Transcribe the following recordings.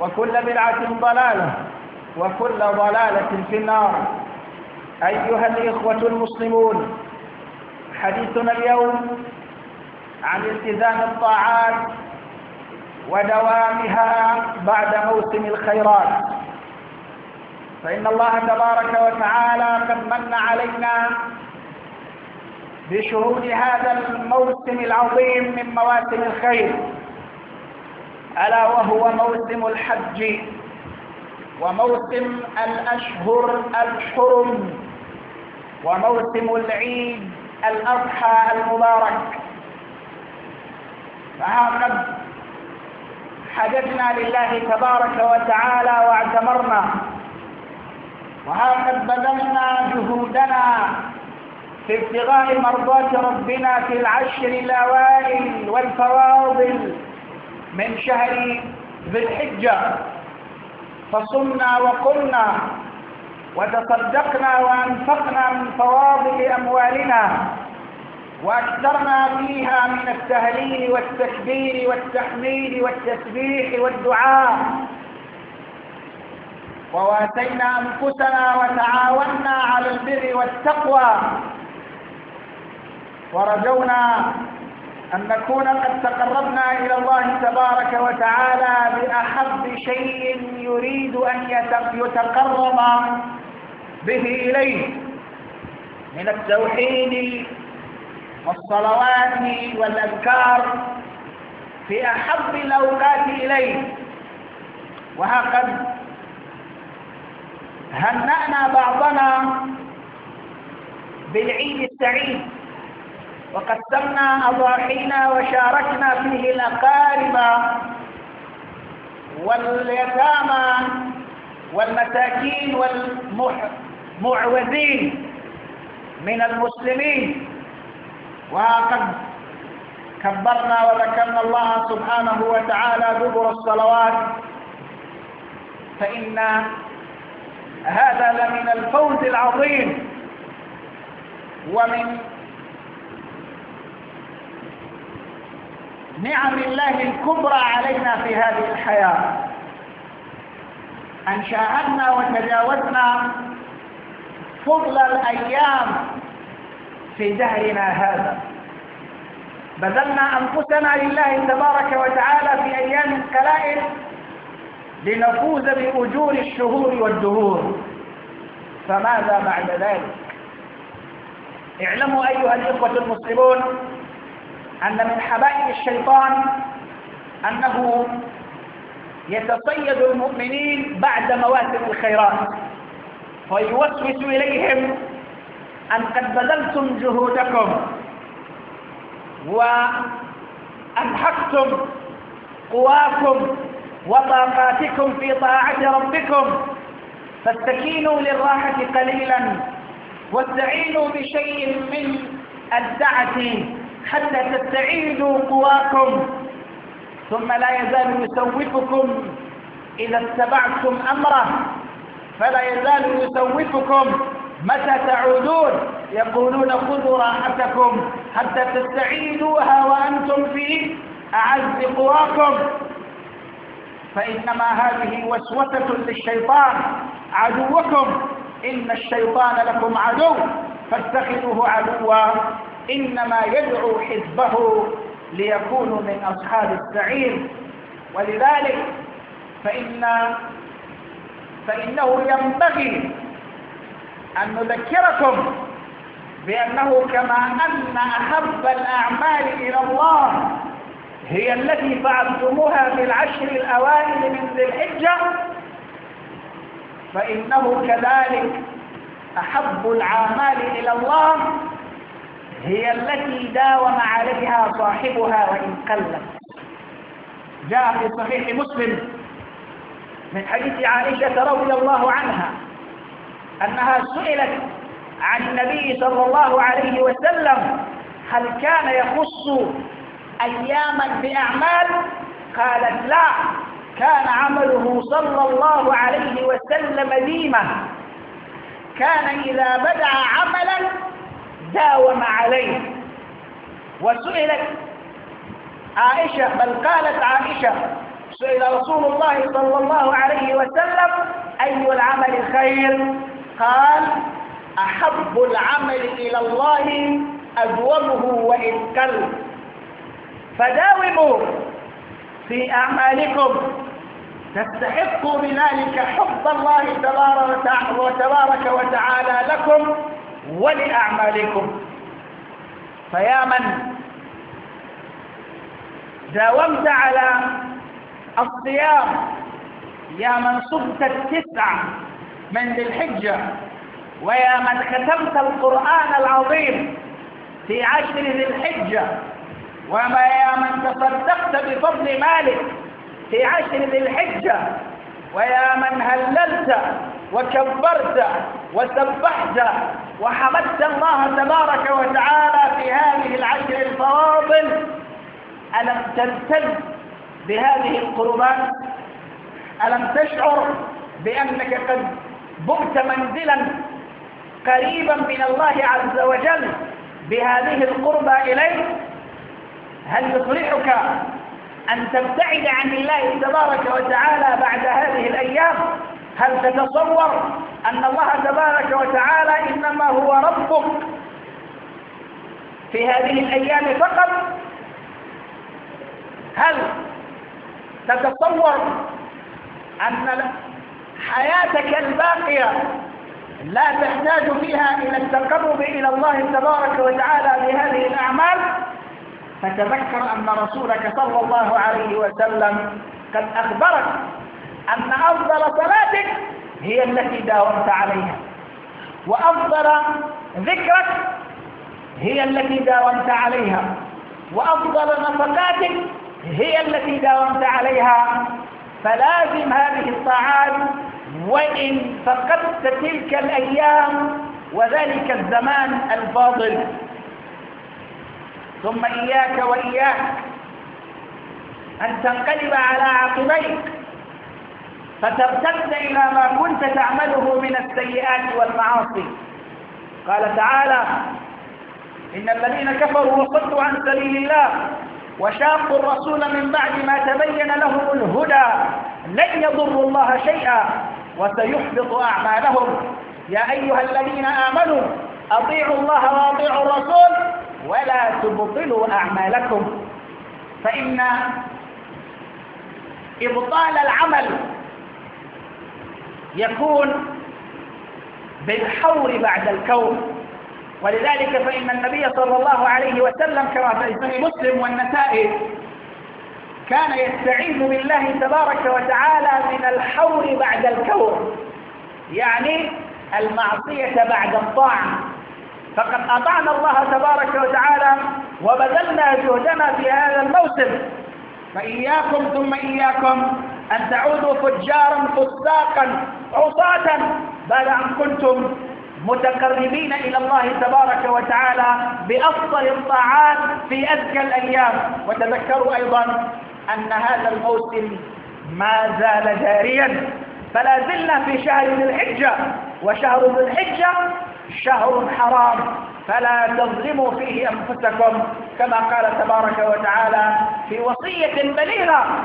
وكل بدعة ضلالة وكل ضلالة في النار أيها الإخوة المسلمون حديثنا اليوم عن التزام الطاعات ودوامها بعد موسم الخيرات فإن الله تبارك وتعالى قد من علينا بشهود هذا الموسم العظيم من مواسم الخير ألا وهو موسم الحج وموسم الأشهر الحرم وموسم العيد الأضحى المبارك فها قد حججنا لله تبارك وتعالى واعتمرنا وها قد بذلنا جهودنا في ابتغاء مرضاة ربنا في العشر الأوائل والفواضل من شهر ذي الحجة فصمنا وقلنا وتصدقنا وأنفقنا من فواضل أموالنا وأكثرنا فيها من التهليل والتكبير والتحميد والتسبيح والدعاء وواتينا أنفسنا وتعاوننا على البر والتقوى ورجونا أن نكون قد تقربنا إلى الله تبارك وتعالى بأحب شيء يريد أن يتقرب به إليه من التوحيد والصلوات والأذكار في أحب الأوقات إليه وهقد هنأنا بعضنا بالعيد السعيد وقسمنا أضاحينا وشاركنا فيه الأقارب واليتامى والمساكين والمعوزين من المسلمين وقد كبرنا وذكرنا الله سبحانه وتعالى دبر الصلوات فإن هذا لمن الفوز العظيم ومن نعم الله الكبرى علينا في هذه الحياة أن شاهدنا وتجاوزنا فضل الأيام في دهرنا هذا بذلنا أنفسنا لله تبارك وتعالى في أيام القلائل لنفوز بأجور الشهور والدهور فماذا بعد ذلك اعلموا أيها الإخوة المسلمون أن من حبائل الشيطان أنه يتصيد المؤمنين بعد مواسم الخيرات ويوسوس إليهم أن قد بذلتم جهودكم وأنحقتم قواكم وطاقاتكم في طاعة ربكم فاستكينوا للراحة قليلا واستعينوا بشيء من الدعة حتى تستعيدوا قواكم ثم لا يزال يسوفكم إذا اتبعتم أمره فلا يزال يسوفكم متى تعودون يقولون خذوا راحتكم حتى تستعيدوها وأنتم في أعز قواكم فإنما هذه وسوسة للشيطان عدوكم إن الشيطان لكم عدو فاتخذوه عدوا إنما يدعو حزبه ليكونوا من أصحاب السعير ولذلك فإن فإنه ينبغي أن نذكركم بأنه كما أن أحب الأعمال إلى الله هي التي فعلتموها في العشر الأوائل من ذي الحجة فإنه كذلك أحب الأعمال إلى الله هي التي داوم عليها صاحبها وإن قلت جاء في صحيح مسلم من حديث عائشة رضي الله عنها أنها سئلت عن النبي صلى الله عليه وسلم هل كان يخص أياما بأعمال قالت لا كان عمله صلى الله عليه وسلم ديما كان إذا بدأ عملا داوم عليه وسئلت عائشة بل قالت عائشة سئل رسول الله صلى الله عليه وسلم أي العمل خير قال أحب العمل إلى الله أدومه وإن كل فداوموا في أعمالكم تستحقوا بذلك حب الله تبارك وتعالى لكم ولأعمالكم فيا من داومت على الصيام يا من صبت التسعة من ذي الحجة ويا من ختمت القرآن العظيم في عشر ذي الحجة وما يا من تصدقت بفضل مالك في عشر ذي الحجة ويا من هللت وكبرت وسبحت وحمدت الله تبارك وتعالى في هذه العشر الفواضل ألم تمتد بهذه القربات ألم تشعر بأنك قد بغت منزلا قريبا من الله عز وجل بهذه القربة إليه هل يصلحك أن تبتعد عن الله تبارك وتعالى بعد هذه الأيام؟ هل تتصور أن الله تبارك وتعالى إنما هو ربك في هذه الأيام فقط هل تتصور أن حياتك الباقية لا تحتاج فيها إلى التقرب إلى الله تبارك وتعالى بهذه الأعمال فتذكر أن رسولك صلى الله عليه وسلم قد أخبرك أن أفضل صلاتك هي التي داومت عليها وأفضل ذكرك هي التي داومت عليها وأفضل نفقاتك هي التي داومت عليها فلازم هذه الطاعات وإن فقدت تلك الأيام وذلك الزمان الفاضل ثم إياك وإياك أن تنقلب على عقبيك فترتد إلى ما كنت تعمله من السيئات والمعاصي قال تعالى إن الذين كفروا وصدوا عن سبيل الله وشاقوا الرسول من بعد ما تبين لهم الهدى لن يضروا الله شيئا وسيحبط أعمالهم يا أيها الذين آمنوا أطيعوا الله وأطيعوا الرسول ولا تبطلوا أعمالكم فإن إبطال العمل يكون بالحور بعد الكون ولذلك فإن النبي صلى الله عليه وسلم كما في مسلم والنسائي كان يستعيذ بالله تبارك وتعالى من الحور بعد الكون يعني المعصية بعد الطاعة فقد أطعنا الله تبارك وتعالى وبذلنا جهدنا في هذا الموسم فإياكم ثم إياكم أن تعودوا فجارا فساقا عصاة بعد أن كنتم متقربين إلى الله تبارك وتعالى بأفضل الطاعات في أزكى الأيام وتذكروا أيضا أن هذا الموسم ما زال جاريا فلا زلنا في شهر ذي الحجة وشهر ذي الحجة شهر حرام فلا تظلموا فيه أنفسكم كما قال تبارك وتعالى في وصية بليغة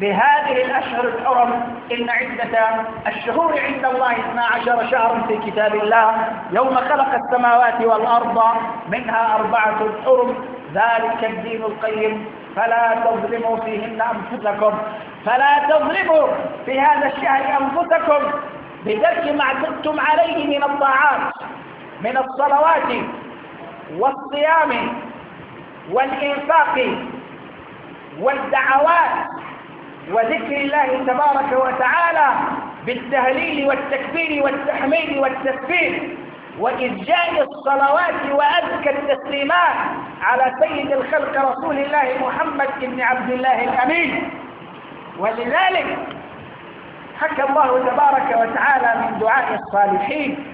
بهذه الأشهر الحرم إن عدة الشهور عند الله 12 شهرا في كتاب الله يوم خلق السماوات والأرض منها أربعة حرم ذلك الدين القيم فلا تظلموا فيهن أنفسكم فلا تظلموا في هذا الشهر أنفسكم بترك ما اعتدتم عليه من الطاعات من الصلوات والصيام والإنفاق والدعوات وذكر الله تبارك وتعالى بالتهليل والتكبير والتحميد والتسبيح وإجزاء الصلوات وأزكى التسليمات على سيد الخلق رسول الله محمد بن عبد الله الأمين ولذلك حكى الله تبارك وتعالى من دعاء الصالحين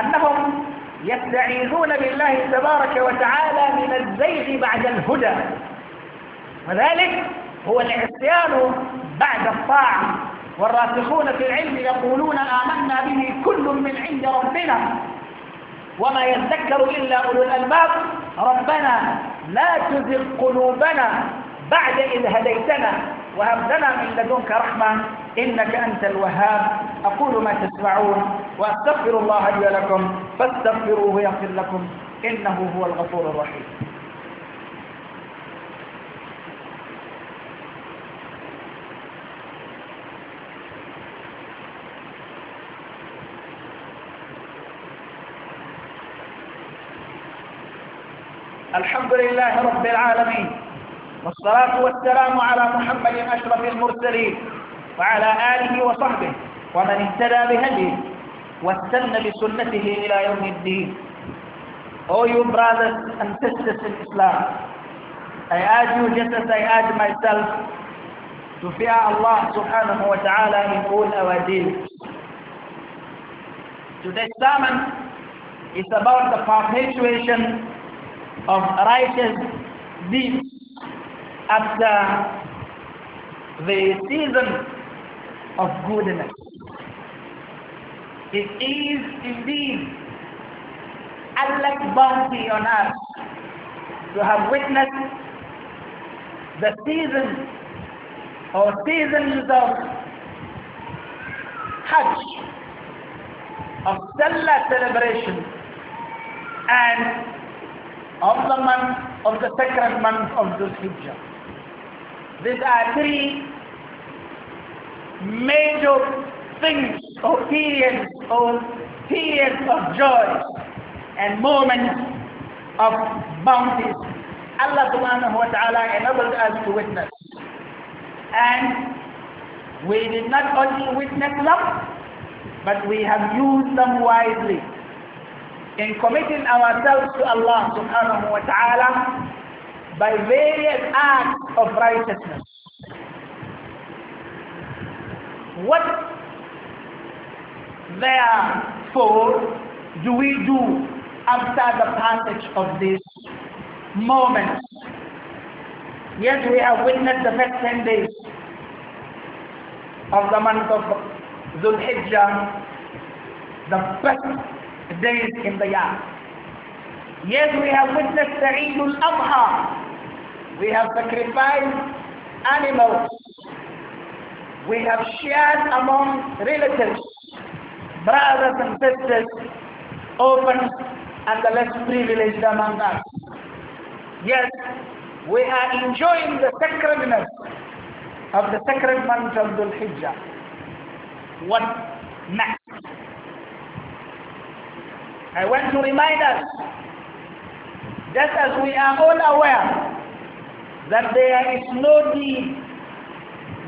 أنهم يستعيذون بالله تبارك وتعالى من الزيغ بعد الهدى وذلك هو العصيان بعد الطاعة والراسخون في العلم يقولون آمنا به كل من عند ربنا وما يذكر إلا أولو الألباب ربنا لا تزغ قلوبنا بعد إذ هديتنا وهب لنا من لدنك رحمة إنك أنت الوهاب أقول ما تسمعون وأستغفر الله لي ولكم فاستغفروه يغفر لكم إنه هو الغفور الرحيم لله رب العالمين والصلاة والسلام على محمد أشرف المرسلين وعلى آله وصحبه ومن اهتدى بهديه واستنى بسنته إلى يوم الدين Oh you brothers and sisters in Islam I urge you just as I urge myself to fear Allah subhanahu wa ta'ala in all our deeds Today's sermon is about the perpetuation of righteous deeds after the season of goodness. It is indeed Allah's bounty on us to have witnessed the season or seasons of Hajj, of Salah celebration and of the month of the sacred month of the Hijjah. These are three major things or periods or periods of joy and moments of bounties Allah subhanahu wa ta'ala enabled us to witness. And we did not only witness them, but we have used them wisely in committing ourselves to Allah subhanahu wa ta'ala by various acts of righteousness. What therefore do we do after the passage of this moment? Yes, we have witnessed the first 10 days of the month of Dhul Hijjah, the best days in the Yes, we have witnessed the Eid al-Adha. We have sacrificed animals. We have shared among relatives, brothers and sisters, orphans, and the less privileged among us. Yes, we are enjoying the sacredness of the sacred month of Dhul Hijjah. What next? I want to remind us, just as we are all aware that there is no deed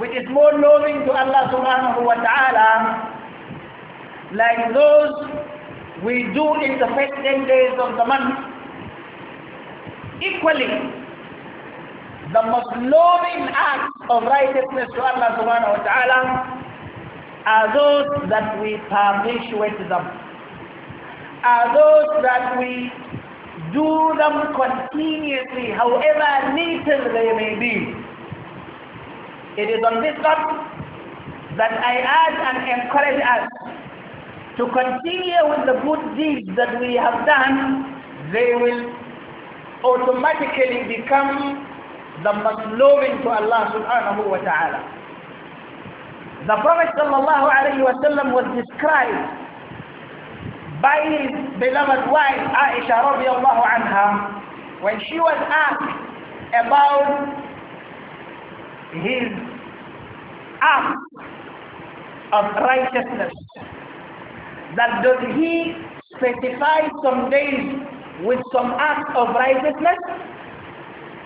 which is more loving to Allah subhanahu wa ta'ala like those we do in the first 10 days of the month. Equally, the most loving acts of righteousness to Allah subhanahu wa ta'ala are those that we perpetuate them are those that we do them continuously, however little they may be. It is on this note that I urge and encourage us to continue with the good deeds that we have done. They will automatically become the most loving to Allah subhanahu wa ta'ala. The Prophet sallallahu alayhi wa sallam was described by beloved wife Aisha radiallahu anha when she was asked about his act of righteousness that does he specify some days with some act of righteousness?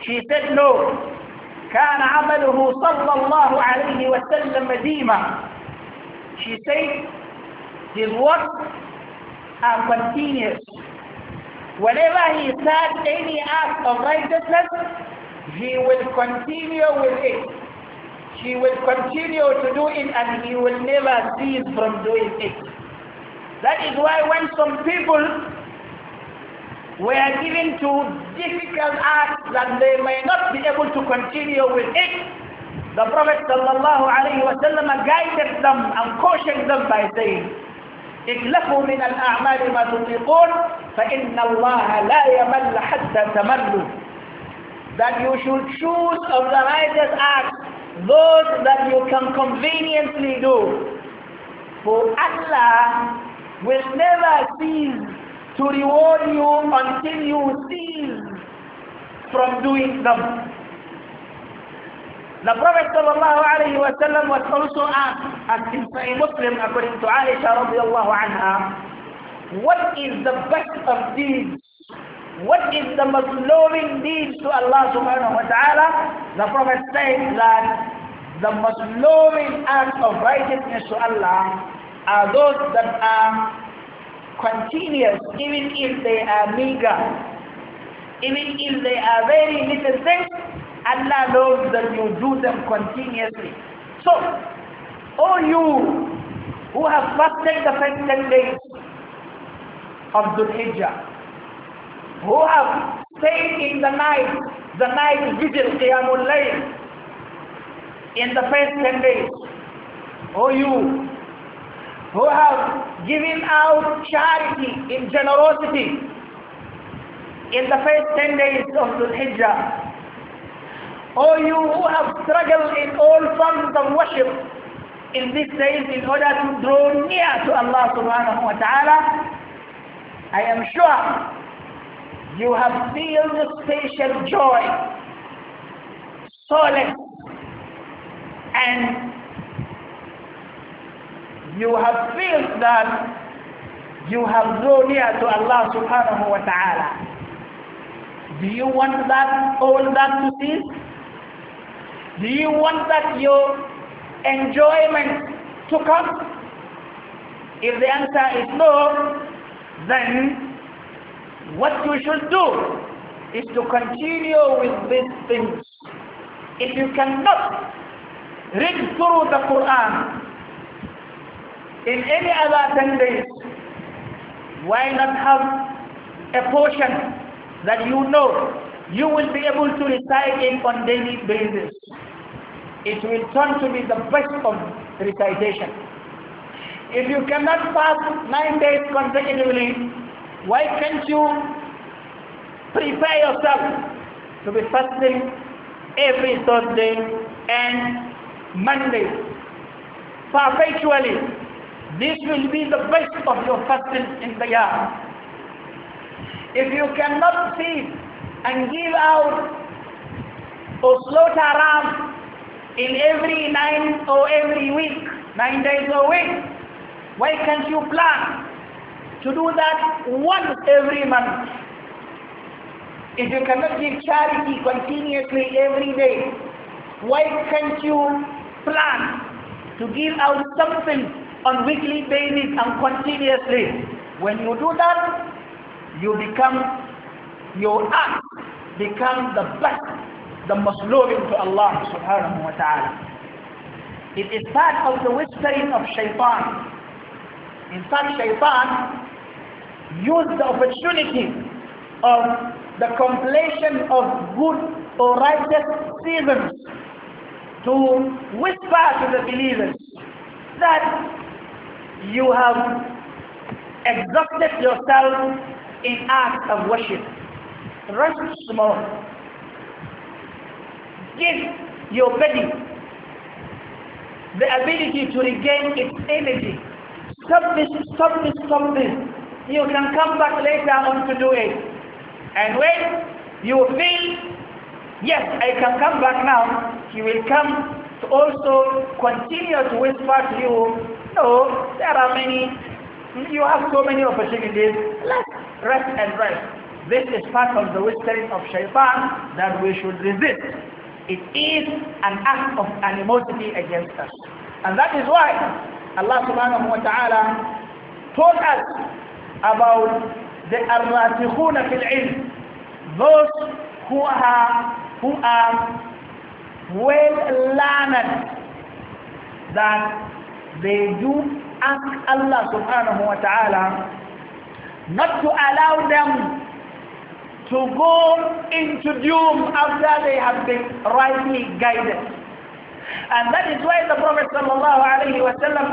She said no. كان عمله صلى الله عليه وسلم ديما. She said his work And continuous. Whenever he starts any act of righteousness, he will continue with it. He will continue to do it and he will never cease from doing it. That is why when some people were given to difficult acts that they may not be able to continue with it, the Prophet ﷺ guided them and cautioned them by saying, اكلفوا من الأعمال ما تطيقون فإن الله لا يمل حتى تملوا that you should choose of the righteous acts those that you can conveniently do for Allah will never cease to reward you until you cease from doing them The Prophet sallallahu alayhi wa sallam was also asked, as in Sahih Muslim according to Aisha radiallahu anha, what is the best of deeds? What is the most loving deeds to Allah subhanahu wa ta'ala? The Prophet said that the most loving acts of righteousness to Allah are those that are continuous, even if they are meager, even if they are very little things, Allah knows that you do them continuously. So, all you who have fasted the first 10 days of Dhul Hijjah, who have stayed in the night, the night vigil, Qiyamul Layl, in the first 10 days, all you who have given out charity in generosity in the first 10 days of Dhul Hijjah, all oh, you who have struggled in all forms of worship in these days in order to draw near to Allah subhanahu wa ta'ala, I am sure you have felt the special joy, solace, and you have felt that you have drawn near to Allah subhanahu wa ta'ala. Do you want that all that to cease? Do you want that your enjoyment to come? If the answer is no, then what you should do is to continue with these things. If you cannot read through the Quran in any other 10 days, why not have a portion that you know you will be able to recite in on daily basis? it will turn to be the best of recitation. If you cannot fast nine days consecutively, why can't you prepare yourself to be fasting every Thursday and Monday perpetually? This will be the best of your fasting in the year. If you cannot feed and give out or slaughter rams in every nine or every week, nine days a week. Why can't you plan to do that once every month? If you cannot give charity continuously every day, why can't you plan to give out something on weekly basis and continuously? When you do that, you become, your act becomes the best the most loving to Allah subhanahu wa ta'ala. It is part of the whispering of shaitan. In fact, shaitan used the opportunity of the completion of good or righteous seasons to whisper to the believers that you have exhausted yourself in acts of worship. Rest small give your body the ability to regain its energy. Stop this, stop this, stop this. You can come back later on to do it. And when you feel, yes, I can come back now, he will come to also continue to whisper to you, no, there are many, you have so many opportunities, let's rest and rest. This is part of the whispering of shaitan that we should resist. It is an act of animosity against us. And that is why Allah subhanahu wa ta'ala told us about the arratikhuna fil ilm, those who are who are well learned that they do ask Allah subhanahu wa ta'ala not to allow them to go into doom after they have been rightly guided. And that is why the Prophet ﷺ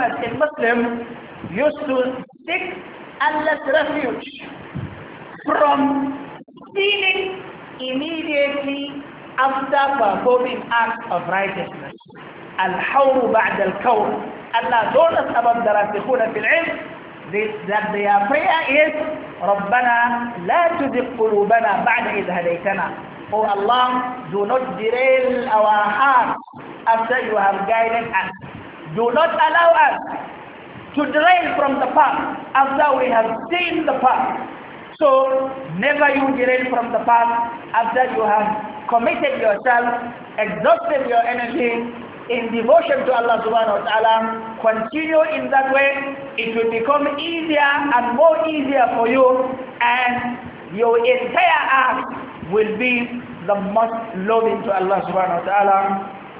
as a Muslim used to seek Allah's refuge from sinning immediately after performing acts of righteousness. Al-Hawru Ba'd al-Kawr. Allah told us about the Rasikhuna fil-Ilm that their prayer is, رَبَّنَا لَا تُزِقْ قُلُوبَنَا بَعْدَ إِذْ هَدَيْتَنَا Oh Allah, do not derail our hearts after you have guided us. Do not allow us to derail from the path after we have seen the path. So never you derail from the path after you have committed yourself, exhausted your energy, in devotion to Allah subhanahu wa ta'ala, continue in that way, it will become easier and more easier for you and your entire act will be the most loving to Allah subhanahu wa ta'ala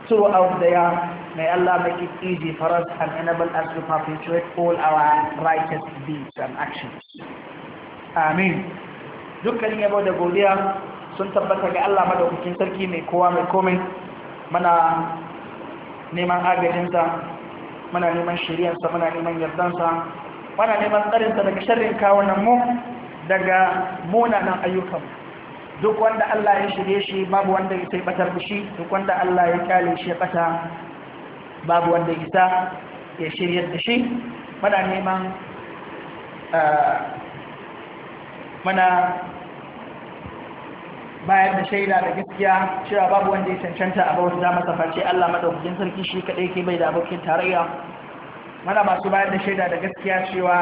throughout the year. May Allah make it easy for us and enable us to perpetuate all our righteous deeds and actions. Amin. Dukkanin yabo da godiya sun tabbata ga Allah madaukakin sarki mai kowa mai komai mana neman agajinta muna neman shiriyarsa muna neman yardansa muna neman tsarinsa daga sharrin kawunan mu daga munanan ayyukan duk wanda Allah ya shirye shi babu wanda ya batar da shi duk wanda Allah ya kyale shi ya bata babu wanda ya ya shirye da shi muna neman eh, mana bayar da shaida da gaskiya cewa babu wanda ya cancanta a bauta masa face Allah madaukakin sarki shi kadai ke bai da abokin tarayya mana masu bayar da shaida da gaskiya cewa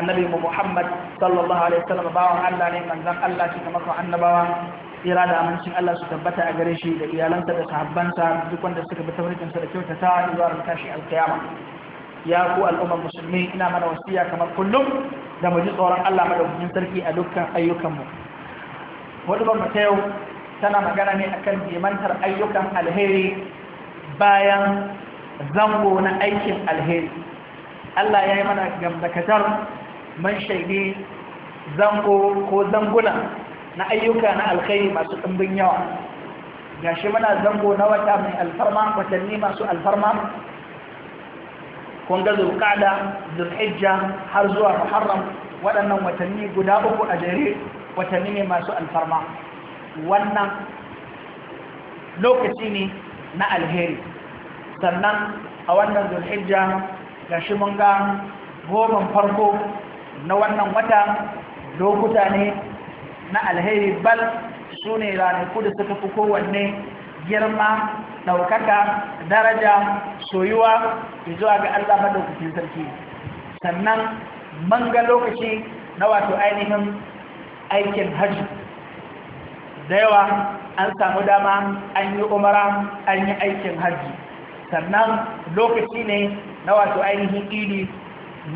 annabi mu Muhammad sallallahu alaihi wasallam bawan Allah ne manzon Allah shi kuma ko annabawa tsira da amincin Allah su tabbata a gare shi da iyalansa da sahabbansa duk wanda suka bi sa da kyautata zuwa ran tashi alkiyama ya ku al'ummar musulmi ina mana wasiya kamar kullum da mu ji tsoron Allah madaukakin sarki a dukkan ayyukanmu wani ban yau tana magana ne akan jimantar ayyukan alheri bayan zango na aikin alheri Allah ya yi mana gamdakatar man shaidi zango ko zanguna na ayyuka na alheri masu ɗimbin yawa ga shi muna zango na wata mai alfarma watanni masu alfarma kun ga zulƙada zulhijja har zuwa muharram waɗannan watanni guda uku a jere watanni ne masu alfarma wannan lokaci ne na alheri sannan a wannan zulhijja ga shi mun goman farko na wannan wata lokuta ne na alheri bal su ne ranaku da suka fi kowanne girma ɗaukaka daraja soyuwa zuwa ga allah maɗaukacin sarki sannan man ga lokaci na wato ainihin aikin hajji da yawa an samu dama an yi umara an yi aikin hajji sannan lokaci ne na wato ainihin idi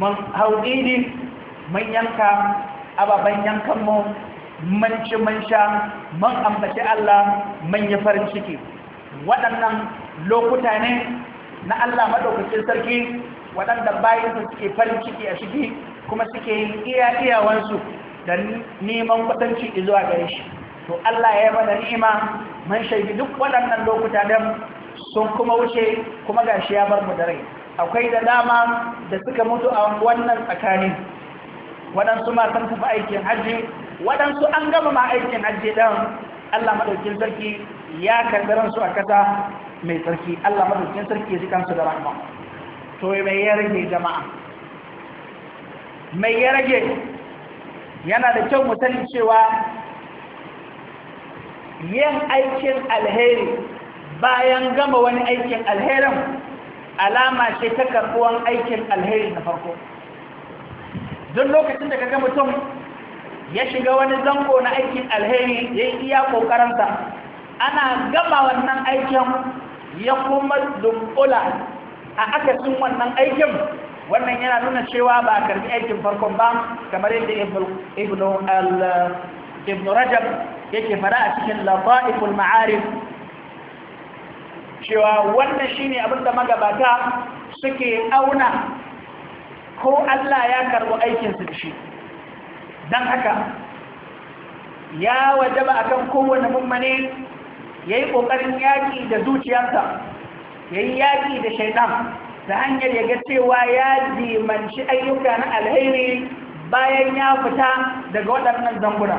man hau idi man yanka ababen yankanmu man ci man sha man ambaci Allah man yi farin ciki waɗannan lokuta ne na Allah maɗaukacin sarki waɗanda su suke farin ciki a ciki. kuma suke yin iya iyawansu da neman kwatanci zuwa gare shi to Allah ya da ni'ima man shaidi duk waɗannan lokuta da sun kuma wuce kuma gashi ya bar mu da rai akwai da dama da suka mutu a wannan tsakanin waɗansu ma sun tafi aikin hajji waɗansu an gama ma aikin hajji dan Allah madaukin sarki ya kandaran su a kasa mai sarki Allah madaukin sarki ya ji kansu da rahama to mai ya rage jama'a mai ya rage yana da kyau mu cewa yin aikin alheri bayan gama wani aikin alherin alama ce ta karɓuwan aikin alheri na farko don lokacin da kaga mutum ya shiga wani zango na aikin alheri ya yi iya ƙoƙarinsa ana gama wannan aikin ya kuma dunkula a akasin wannan aikin wannan yana nuna cewa ba a karbi aikin farkon ba kamar yadda ibn rajab yake fara a cikin lafaiful ma'arif cewa wannan shine abinda magabata suke auna ko Allah ya karbi aikinsu da shi don haka ya wajaba akan kowane mummane ya yi ƙoƙarin yaƙi da zuciyarsa ya yi yaƙi da shaidan ta hanyar ya ga cewa ya jimanci ayyuka na alheri bayan ya fita daga waɗannan zambura,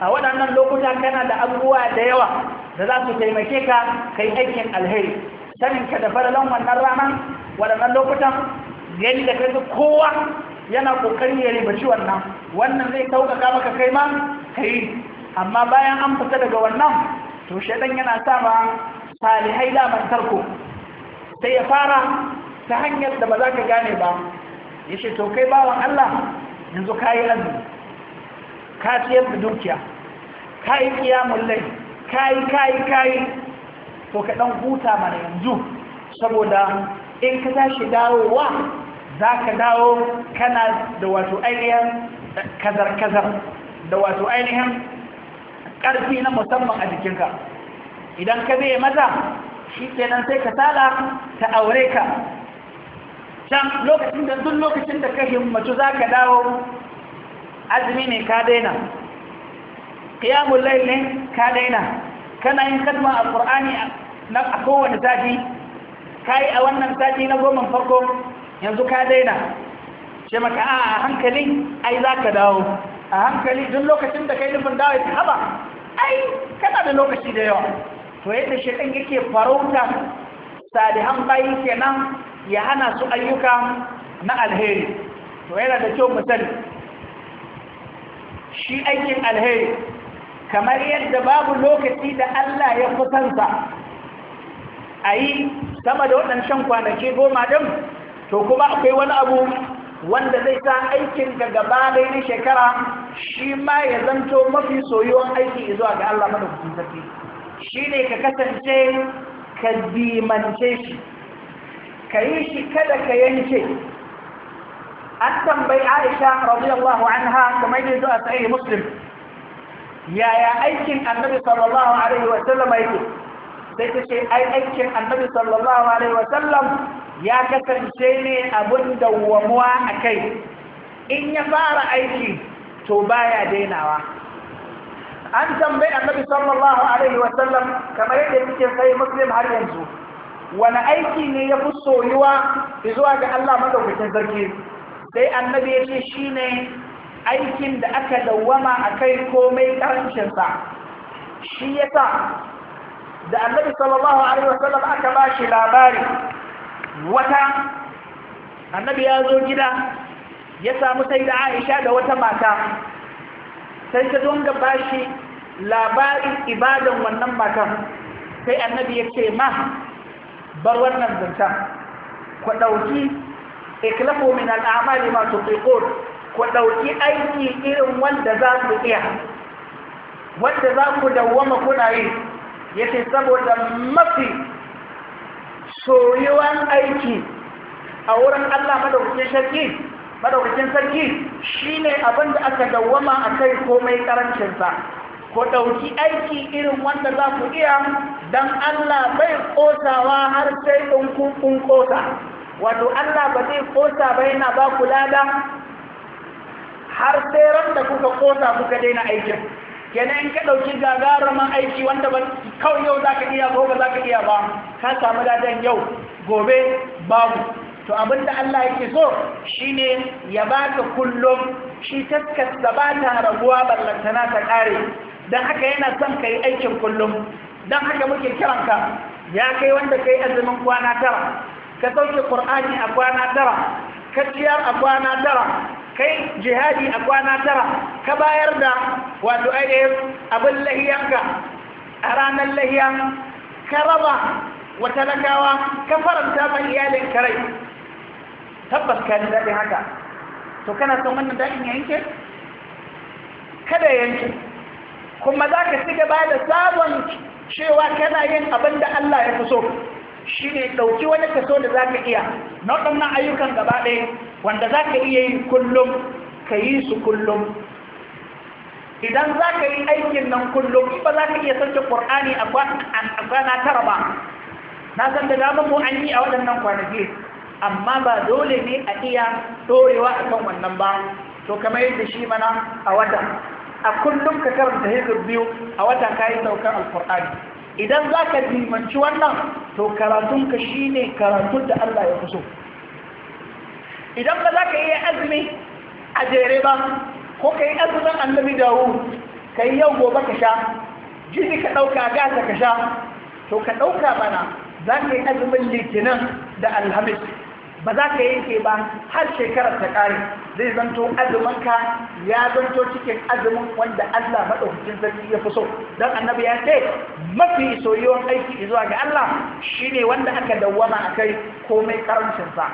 a waɗannan lokuta kana da abubuwa da yawa da za su taimake ka kai aikin alheri saninka da faralon wannan ranar waɗannan lokutan gani da kai kowa yana ƙoƙari ya ribaci wannan wannan zai sauƙaƙa maka kai ma ka yi amma bayan an fita daga wannan to ɗan yana sa ma salihai daman tarko sai ya fara ta hanyar da ba za ka gane ba ya ce to kai bawan Allah yanzu ka yi ka ciyar da dukiya ka yi kiyamun lai ka yi ka yi ka yi to ka ɗan huta mana yanzu saboda in ka tashi dawowa za ka dawo kana da wato ainihin kazar-kazar da wato ainihin ƙarfi na musamman a jikinka idan ka zai maza, shi ke nan sai ka tala ta aure ka can lokacin da duk lokacin da ka himmatu za ka dawo azumi ne ka daina ƙiyamun lailin ka daina kana yin kalma a ƙur'ani a kowane sati ka yi a wannan sati na goma farko yanzu ka daina ce maka a hankali ai za ka dawo a hankali duk lokacin da kai nufin dawo ya haɓa ai kana da lokaci da yawa to yadda shi ɗin yake farauta salihan bayi kenan ya hana su ayyuka na alheri to yana da kyau misali shi aikin alheri kamar yadda babu lokaci da Allah ya kusansa a yi sama da waɗancan kwanaki goma ɗin to kuma akwai wani abu wanda zai sa aikin da gaba da na shekara shi ma ya zanto mafi soyuwan aiki zuwa ga Allah madaukakin sarki shi ne ka kasance ka dimance shi ka yi shi kada ka yanke an tambayi aisha radiyallahu anha kamar yadda zuwa sahih muslim yaya aikin annabi sallallahu alaihi wa sallam yake sai ta ce ai aikin annabi sallallahu alaihi wa sallam ya kasance ne abun dawwamuwa a kai in ya fara aiki to baya dainawa an tambayi annabi sallallahu alaihi wa sallam kamar yadda cikin sai muslim har yanzu wani aiki ne ya fi soyuwa zuwa ga Allah madaukakin sarki sai annabi ya ce shi ne aikin da aka dawwama a kai komai ƙarancinsa shi ya sa da annabi sallallahu alaihi wasallam aka ba shi labari wata annabi ya zo gida ya samu sai da aisha da wata mata sai ta donga ba shi labarin ibadan wannan matan sai annabi ya ce ma bar wannan zancen ku ɗauki iklafu min al'amali ma fiƙon ku ɗauki aiki irin wanda za ku iya wanda za ku dawwama kuna yi yace saboda mafi soyuwan aiki a wurin Allah madaukakin sarki madaukakin sarki shine abinda aka dawwama akai komai sa ku ɗauki aiki irin wanda za ku iya don Allah bai ƙosawa har sai in kun ƙosa wato Allah ba zai ƙosa ba yana ba ku lada har sai ran da kuka ƙosa kuka daina aikin kenan in ka ɗauki gagarumin aiki wanda ba kawai yau za ka iya gobe za ka iya ba ka samu ladan yau gobe babu to abinda Allah yake so shine ya baka kullum shi taskar da ba ta raguwa ballantana ta kare don haka yana son ka yi aikin kullum don haka muke kiranka ya kai wanda ka yi azumin kwana tara ka sauke ƙur'ani a kwana tara ka ciyar a kwana tara kai jihadi a kwana tara ka bayar da wato ainihin abin lahiyanka a ranar lahiya ka raba wa talakawa ka faranta mai iyalin karai tabbas ka ji daɗin haka to kana son wannan daɗin yanke kada yanke kuma za ka ci da sabon cewa kana yin abin da Allah ya fi so shi ne ɗauki wani kaso da za ka iya na waɗannan ayyukan gaba ɗaya wanda za ka iya yi kullum ka yi su kullum idan za ka yi aikin nan kullum ba za ka iya sauke ƙur'ani a kwana tara ba na san da dama mu an yi a waɗannan kwanaki amma ba dole ne a iya ɗorewa a kan wannan ba to kamar yadda shi mana a wata a kullum ka karanta hizir biyu a wata ka yi saukar alkur'ani idan za ka dimanci wannan to karatunka shi ne karatun da allah ya fi so idan ba za ka iya azumi a jere ba ko ka yi azumin annabi wu, ka yi yau gobe ka sha jini ka ɗauka gasa ka sha to ka ɗauka bana za ka yi azumin litinin da alhamis ba za ka yanke ba har shekarar ta ƙare zai zanto azuminka ya zanto cikin azumin wanda Allah maɗaukacin sarki ya fi so don annabi ya ce mafi soyuwan aiki zuwa ga Allah shine wanda aka dawwama a kai komai karancinsa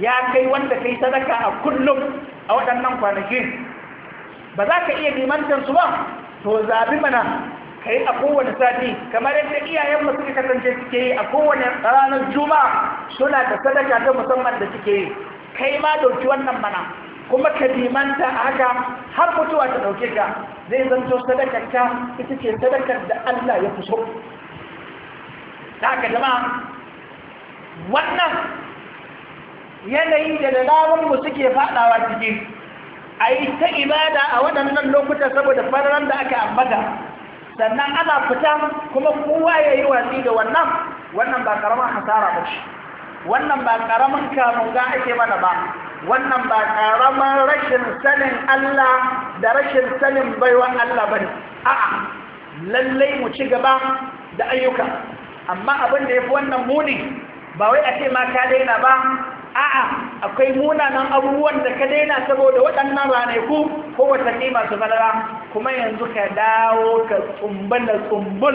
ya kai wanda kai sadaka a kullum a waɗannan kwanaki ba za ka iya limantar su ba to zabi mana ka yi a kowane sati kamar yadda iyayen masu suka kasance suke yi a kowane ranar juma'a suna da sadaka ta musamman da suke yi kai ma dauki wannan mana kuma ka limanta a haka har mutuwa ta dauke ka zai zanto sadaka ta ita ce sadakar da Allah ya kusa. so da haka jama wannan yanayi da lalawun mu suke fadawa cikin a yi ta ibada a waɗannan lokuta saboda fararen da aka ambata sannan ana fita kuma kowa ya yi watsi da wannan wannan ba karamin hasara ba shi wannan ba karamin kamunga ake mana ba wannan ba karamin rashin sanin Allah da rashin sanin baiwan Allah ba ne a'a lallai mu ci gaba da ayyuka amma abin da ya fi wannan muni ba wai a ma ka daina ba a'a akwai munanan abubuwan da ka daina saboda waɗannan ranaku ko wata kima su falala kuma yanzu ka dawo ka tsumbul da tsumbul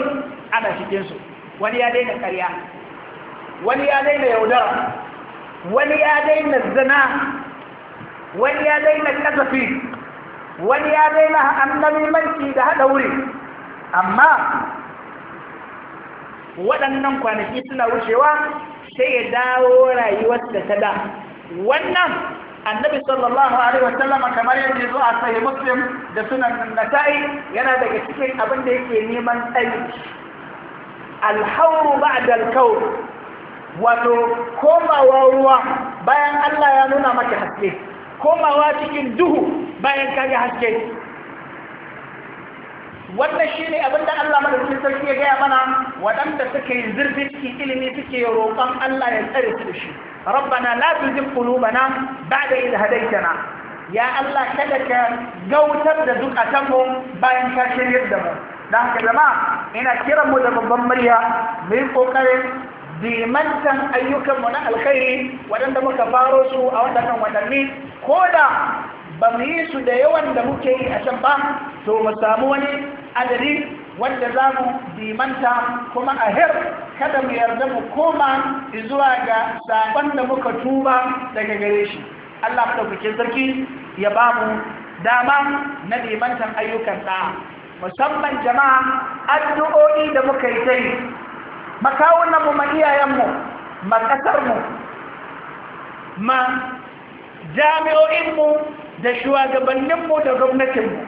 ana cikinsu wani ya daina karya wani ya daina yaudara wani ya daina zina wani ya daina kasafi wani ya daina annabi manki da haɗa wuri amma waɗannan kwanaki suna wucewa sai ya dawo rayuwar da ta da wannan annabi sallallahu alaihi wasallama kamar yadda zuwa a sahih muslim da sunan nasa'i yana daga cikin abin da yake neman tsayi alhauru ba'da alkaur wato komawa ruwa bayan Allah ya nuna maka haske komawa cikin duhu bayan kaga haske wannan shine abin da Allah madaukakin sarki ya gaya mana waɗanda suka yi zurfi ilimi suke roƙon Allah ya tsare su da shi rabbana la tuzigh qulubana ba'da idh hadaytana ya Allah kada ka gautar da zukatan mu bayan ka shiryar da mu dan haka jama'a ina kiran mu da babban murya mu yi kokarin dimantan ayyukan mu na alkhairi waɗanda muka faro su a waɗannan wadanni ko da ba mu yi su da yawan da muke yi a can ba to mu samu wani adadi wanda za mu dimanta kuma a her kada mu yarda mu koma zuwa ga sabon da muka tuba daga gare shi Allah dauke sarki ya ba mu dama na dimantan ayyukan ɗa'a musamman jama'a addu'o'i da muka yi tai yi mu ma iyayenmu ma ƙasarmu ma jami'o'inmu da shugabanninmu da gwamnatinmu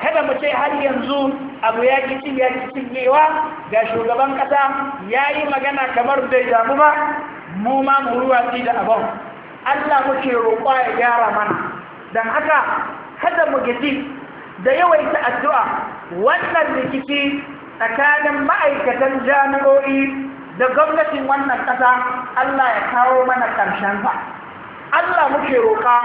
kada mu ce har yanzu abu ya kici ya cinyewa ga shugaban ƙasa ya yi magana kamar bai damu ba mu ma mu ci da abon allah muke roƙo ya gyara mana don haka kada mu gaji da yawaita addu'a wannan rikici tsakanin ma'aikatan jami'o'i da gwamnatin wannan ƙasa allah ya kawo mana ƙarshen ba Allah muke roƙa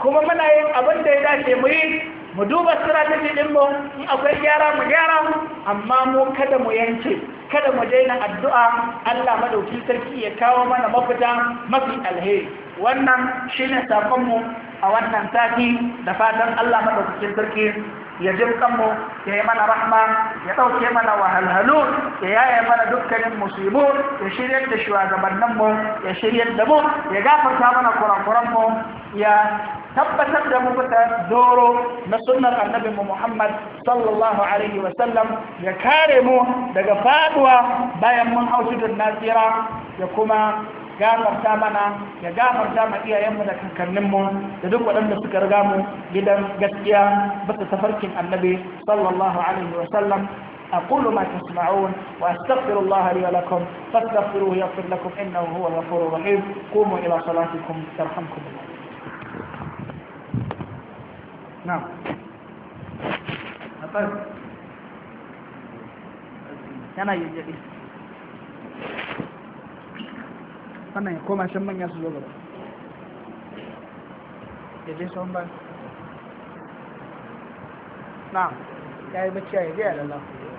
kuma muna yin abin da ya dace mu yi mu duba strategy din mu in akwai gyara mu gyara amma mu kada mu yanke kada mu daina addu'a Allah madauki sarki ya kawo mana mafita mafi alheri wannan shine sakon mu a wannan sati da fatan Allah madauki sarki ya jin kanmu ya yi mana rahma ya ɗauke mana wahalhalu ya yaya mana dukkanin musibu ya shiryar da mu ya shiryar da mu ya gafarta mana kurakuranmu ya tabbatar da mu doro na sunnar annabinmu Muhammad sallallahu alaihi wa sallam ya kare mu daga faduwa bayan mun hau tudun nasira ya kuma gafarta mana ya gafarta ma iyayenmu da kakanninmu da duk waɗanda suka riga mu gidan gaskiya bisa tafarkin annabi sallallahu alaihi wa sallam أقول ما تسمعون وأستغفر الله لي ولكم فاستغفروه يغفر لكم إنه هو الغفور الرحيم قوموا إلى صلاتكم ترحمكم الله نعم طيب أنا يجب sannan koma shan manya su zo gaba ya je son ba na ya yi bacci ya yi ya lalafu